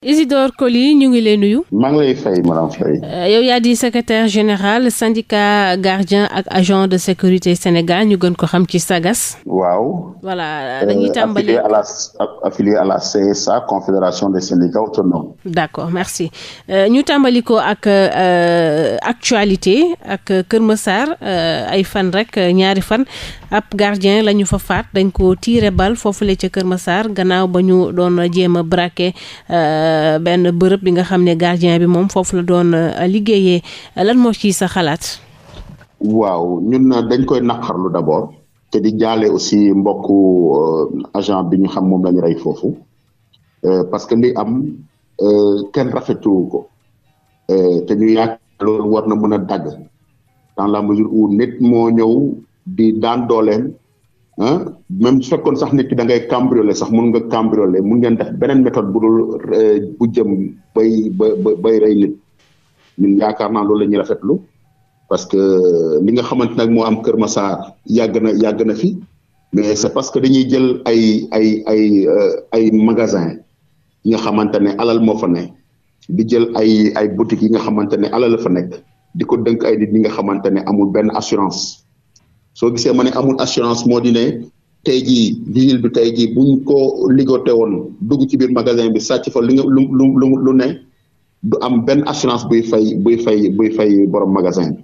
Isidore Coly ñu ngi lay nuyu. maa ngi lay fay euh, yow yaa di secrétaire général syndicat gardien ak agent de sécurité Sénégal ñu gën ko xam ci SAGAS. waaw. voilà euh, dañuy tàmbali à la CSA confédération des syndicats autonomes. d' accord merci euh, ñu tàmbali ko ak actualité ak Kër Massar ay fan rek ñaari fan ab gardien la ñu fa faat dañ ko tiire bal le ca Kër saar gannaaw ba ñu doon jéem a braqué euh, benn bërëb bi nga xam ne gardien bi moom foofu la doon euh, liggéeyee lan moo ci sa xalaat. waaw ñun euh, dañ koy naqarlu d'abord te di jaale aussi mbokku agent bi ñu xam moom la rey foofu parce que li am kenn rafetlu ko te ñu yaakaar loolu war na mën a dagg dans la mesure où nit moo ñëw di daan dooleem ah même su fekkoon sax nit ki da ngay cambrioler sax mun nga cambrioler mun ngeen def beneen méthode bu dul eh, bu jëm bay ba bay rey nit ñun yaakaar naa loolu la ñuy rafetlu parce que euh, li nga xamante nag moo am Kër Massar yàgg na yàgg na fi mais c'est parce que dañuy jël ay ay ay euh, ay magasin nga xamante ne alal moo fa ne di jël ay ay boutiques yi nga xamante ne alal la fa nekk di ko dënk ay nit ñi nga xamante ne amul benn assurance soo gisee ma ne amul assurance moo di ne tey jii vigile bi tey jii buñ ko ligoté woon dugg ci biir magasin bi sàcc fa lu lu lu lu ne du am benn assurance buy fay buy fay buy fay borom magasin bi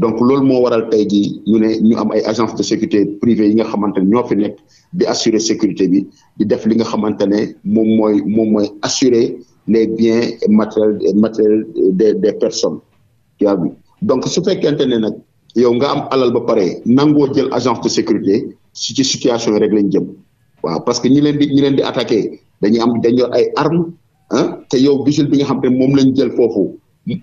donc loolu moo waral tey jii ñu ne ñu am ay agence de sécurité privée yi nga xamante ne ñoo fi nekk di assurer sécurité bi di def li nga xamante ne moom mooy moom mooy assurer les biens matériels matériels des des personnes tu as vu donc su fekkente ne nag yow nga am alal ba pare nangoo jël agence de sécurité si ci situation yi rek lañ jëm waaw parce que ñi leen di ñi leen di attaqué dañuy am dañu ay arme ah te yow vigile bi nga xam te moom lañ jël foofu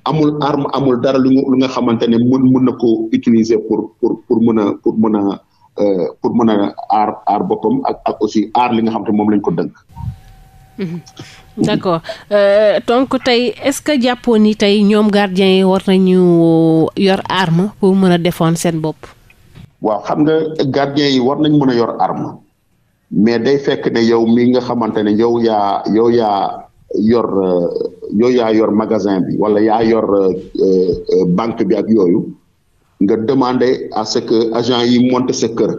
amul arme amul dara lu nga lu nga xamante ne mën mën na ko utiliser pour pour pour mën a pour mën a euh, pour mën a aar aar boppam ak ak aussi aar li nga xam te moom lañ ko dënk Mhm. d' accord euh, donc tey est ce que jàppoon ni tey ñoom gardien yi war nañu yor arme pour mën a défendre seen bopp. waaw xam nga gardien yi war nañ mën a yor arme mais day fekk ne yow mi nga xamante ne yow yaa yow yaa yor yow yaa yor magasin bi wala yaa yor euh, euh, banque bi ak yooyu nga demander à ce que agent yi monte sa kër.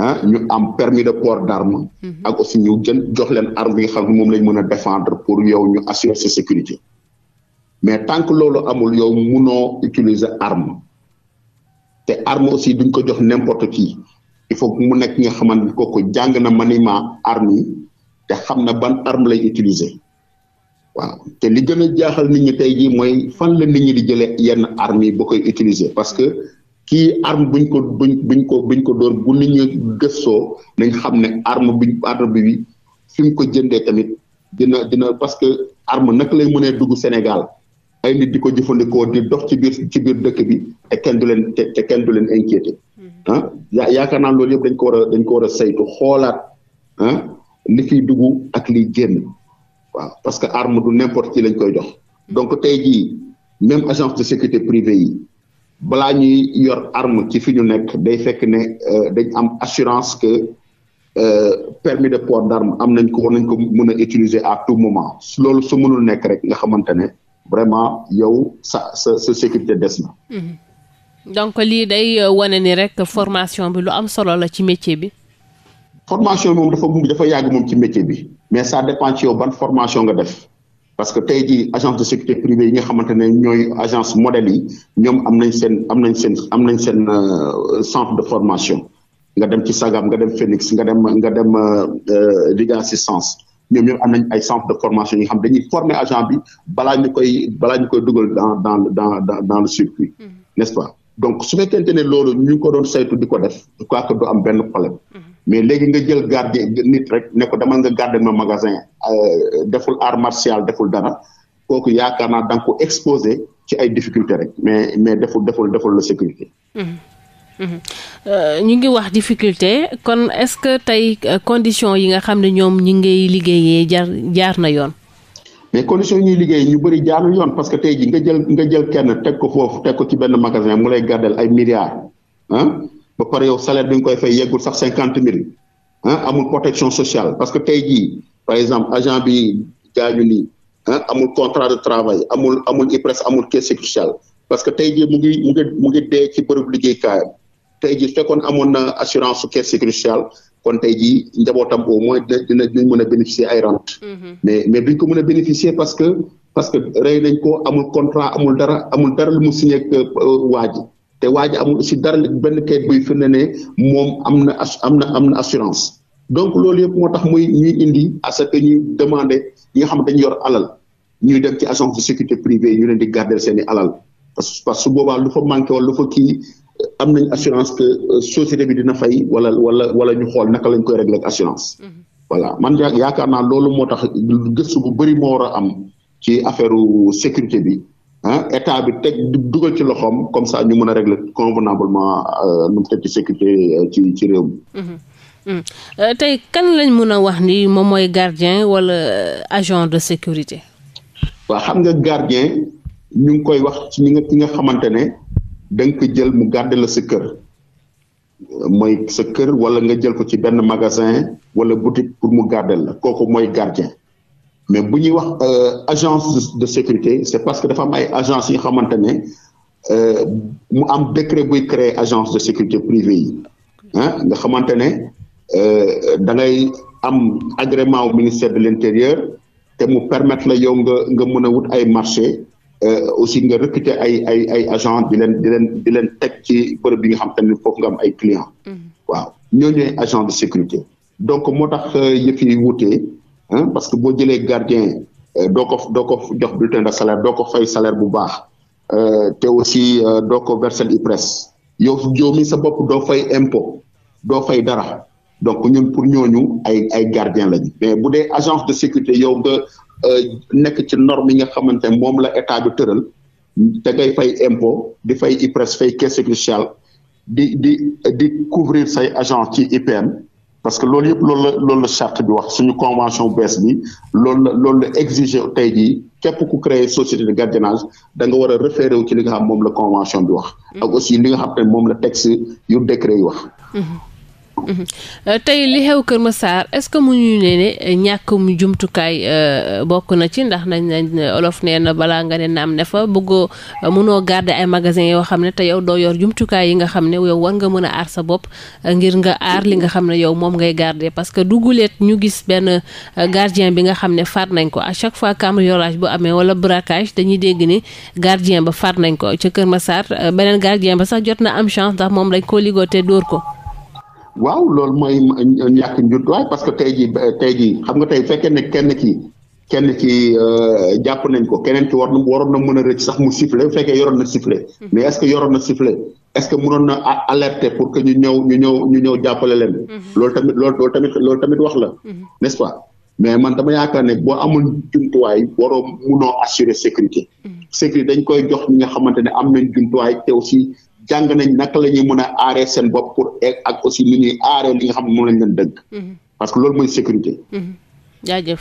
ah ñu am permis de port d'arme mhm. ak aussi ñu jën jox leen arme bi xam ne moom lañ mën a défendre pour yow ñu assurer sa sécurité mais tant que loolu amul yow munoo utiliser arme te arme aussi duñ ko jox n'importe qui il faut mu nekk nga xamante ni ko jàng na maniement armi yi te xam na ban arme lay utiliser waaw te li gën a jaaxal nit ñi tey jii mooy fan la nit ñi di jëlee yenn arme yi ba koy utiliser parce que kii arme buñ ko buñ buñ ko buñ ko dóor bu nit ñu gëstoo nañ xam ne arme bi arme bi fi mu ko jëndee tamit dina dina parce que arme naka lay mënee dugg Sénégal ay nit di ko jëfandikoo di dox ci biir ci biir dëkk bi te kenn du leen te kenn du leen inquiété mm-hmm. ah yaa yaakaar naa loolu yëpp dañ ko war a dañ ko war a saytu xoolaat ah li fiy dugg ak liy génn waaw parce que arme du n'importe ci lañ koy jox mm-hmm. donc tey jii même agence de sécurité privée yi balaa ñuy yor arme ci fi ñu nekk day fekk ne euh, dañ am assurance que euh, permis de port d'arme am nañ ko war nañ ko mën a utiliser à tout moment loolu su mënul nekk rek nga xamante ne vraiment yow sa sa sécurité des na. Mm-hmm. donc lii day euh, wane ni rek formation bi lu am solo la ci métier bi. formation bi moom dafa dafa yàgg moom ci métier bi mais sa dépend ci yow ban formation nga def. parce que tey jii agence de sécurité privée yi nga xamante ne ñooy agence modèle yi ñoom am nañ seen am nañ seen am nañ seen euh, centre de formation nga dem ci Sagam nga dem Phoenix nga dem nga dem euh, euh, Ligue assistance ñoom ñoom am nañ ay centre de formation yi xam dañuy former agent bi balaa ñu koy balaa koy dugal dans dans dans dans le circuit mm-hmm. n'est-ce donc su fekkente ne loolu ñu ngi ko doon saytu di ko def je crois que am benn problème mm-hmm. mais léegi nga jël gardien nit rek ne ko demal nga garder ma magasin euh, deful art martial deful dara kooku yaakaar naa da nga ko exposé ci ay difficulté rek mais mais deful deful deful la sécurité. Euh, ñu ngi wax difficulté kon est-ce que tey euh, condition yi nga xam ne ñoom ñi ngay liggéeyee jaar jaar na yoon. mais condition yi ñuy liggéey ñu bëri jaarul yoon parce que tey ji nga jël nga jël kenn teg ko foofu teg ko ci benn magasin mu lay gardel ay milliards ba pare yow salaire bi nga koy fay yeggul sax cinquante mille ah amul protection sociale parce que tey jii par exemple agent bi jaañu nii ah amul contrat de travail amul amul IPRES amul caisse sociale parce que tey jii mu ngi mu ngi mu ngi dee ci bërëb liggéeykaayam tey jii fekkoon amoon na assurance su caisse kon tey jii njabootam au moins dina dina mën a bénéficier ay rente mm-hmm. mais mais ko mun a bénéficier parce que parce que rey nañ ko amul contrat amul dara amul dara lu mu signé ak euh, waa ji te waa ji amul aussi dara benn kayit buy firnde ne moom am na as am na am na assurance donc loolu yëpp moo tax muy ñuy indi à ce que ñuy demander ñi nga xam dañ yor alal ñu dem ci agence de sécurité privée ñu leen di garder seen alal parce que su boobaa lu fa manqué wala lu fa kii am nañ assurance que euh, bi dina fay wala wala wala ñu xool naka lañ koy régler ak assurance. Mm-hmm. voilà man yaakaar naa loolu moo tax gëstu bu bëri moo war am ci affaire sécurité bi. ah état bi teg dugal ci loxoom comme ça ñu mën a régler convenablement euh, nu mu teg ci sécurité euh, ci ci réew mi. Mm-hmm. Mm-hmm. Euh, tey kan lañ mën a wax ni moom mooy gardien wala agent de sécurité. waa xam nga gardien ñu ngi koy wax ci ñi nga ki nga xamante ne da nga ko jël mu garder la sa kër mooy sa kër wala nga jël ko ci benn magasin wala boutique pour mu garder la kooku mooy gardien. mais bu ñuy wax euh, agence de sécurité c'est parce que dafa am ay agence yi xamante ne euh, mu am décret buy créer agence de sécurité privée yi ah nga xamante ne euh, da ngay am agrément au ministère de l'intérieur te mu permettre la yow nga nga mën a wut ay marché aussi nga recruter ay ay ay agent di leen di leen leen teg ci bërëb bi nga xam te ne foofu nga am ay client mm-hmm. waaw ñoo ñooy agent de sécurité donc moo tax yëf hein parce que boo jëlee gardien euh, doo ko doo ko jox bulletin de salaire doo ko fay salaire bu baax euh, te aussi euh, doo ko versel IPRES yow yow mi sa bopp doo fay impo doo fay dara donc ñun pour ñooñu ay ay gardien lañ mais bu dee agence de sécurité yow nga nekk ci norme yi nga xamante ne moom la état bi tëral te ngay fay impo di fay IPRES fay caisse sociale di di di couvrir say agent ci IPM parce que loolu yëpp loolu la loolu la charte bi wax suñu convention bees bi loolu la loolu la exiger tey jii képp ku créer société de gardiennage da nga war a référé wu ci li nga xam moom la convention bi wax. Mm-hmm. ak aussi li nga xam te moom la texte yu décret yi wax. Mm-hmm. Euh, tey li xew Kër Massar est-ce que mu ñu ne euh, ñàkk mu jumtukaay euh, bokk na ci ndax nañ nañ olof nee na balaa nga ne naam ne fa bëggoo mënoo garder ay magasin yoo xam ne te yow doo yor jumtukaay yi nga xam ne yow war nga mën a aar sa bopp ngir nga aar li nga xam ne yow moom ngay garder parce que duguleet ñu gis benn gardien bi nga xam ne faat nañ ko à chaque fois cambriolage bu amee wala braquage dañuy dégg ni gardien ba faat nañ ko ca Kër ma saar beneen gardien ba sax jot na am chance ndax moom dañ koo ligoté dóor ko waaw loolu mooy ñàkk njudduwaay parce que tey ji tey ji xam nga tey fekke ne kenn ki kenn ki euh, jàpp nañ ko keneen ki war na waroon na mën a rëcc sax mu siffler bu fekkee yoroon na siffler hmm. mais est-ce que yoroon na siffler est-ce que mënoon na alerter pour que ñu ñëw ñu ñëw ñu ñëw jàppale leen hmm. loolu tamit loolu loolu tamit loolu tamit wax la hmm. nest pas mais man dama yaakaar ne boo amul jumtuwaay waroo munoo assurer sécurité sécurité dañ koy jox mi nga xamante ne am na jumtuwaay te aussi jàng nañ naka la ñuy mën a aaree seen bopp pour ak aussi lu ñuy aaree li nga xam ne moom mhm. parce que loolu mooy sécurité. Mhm. jaajëf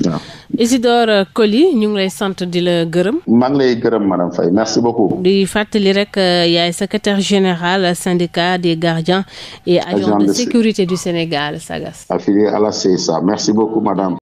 Isidore Coly ñu ngi lay sant di la gërëm. maa ngi lay gërëm madame Faye merci beaucoup. di fàttali rek euh, yaay secrétaire général syndicat des gardiens et agents de sécurité du Sénégal SAGAS. affilié à la CSA merci beaucoup madame.